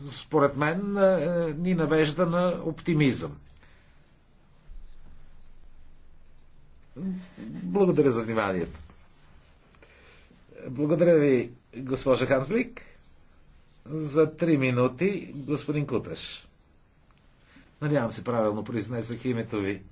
според мен, е, ни навежда на оптимизъм. Благодаря за вниманието. Благодаря ви, госпожа Ханслик. За три минути, господин Куташ. Надявам се правилно произнесах името ви.